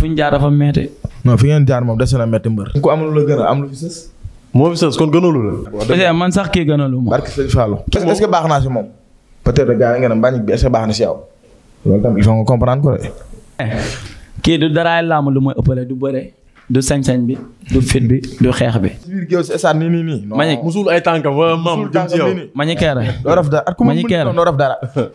fi ñu jaar dafa metti. non fi ngeen jaar moom des na metti mbër. ku am lu la gën a am lu fi sës. moo fi sës kon gënalu la. man sax kii gënalu ma. barke Sëñ Fallou est-ce que baax naa si moom. baax na si yow. loolu tam il faut nga comprendre musul ay tànkam wala maam jëm ci yow. Mbagnick doo raf dara at ku doo raf dara.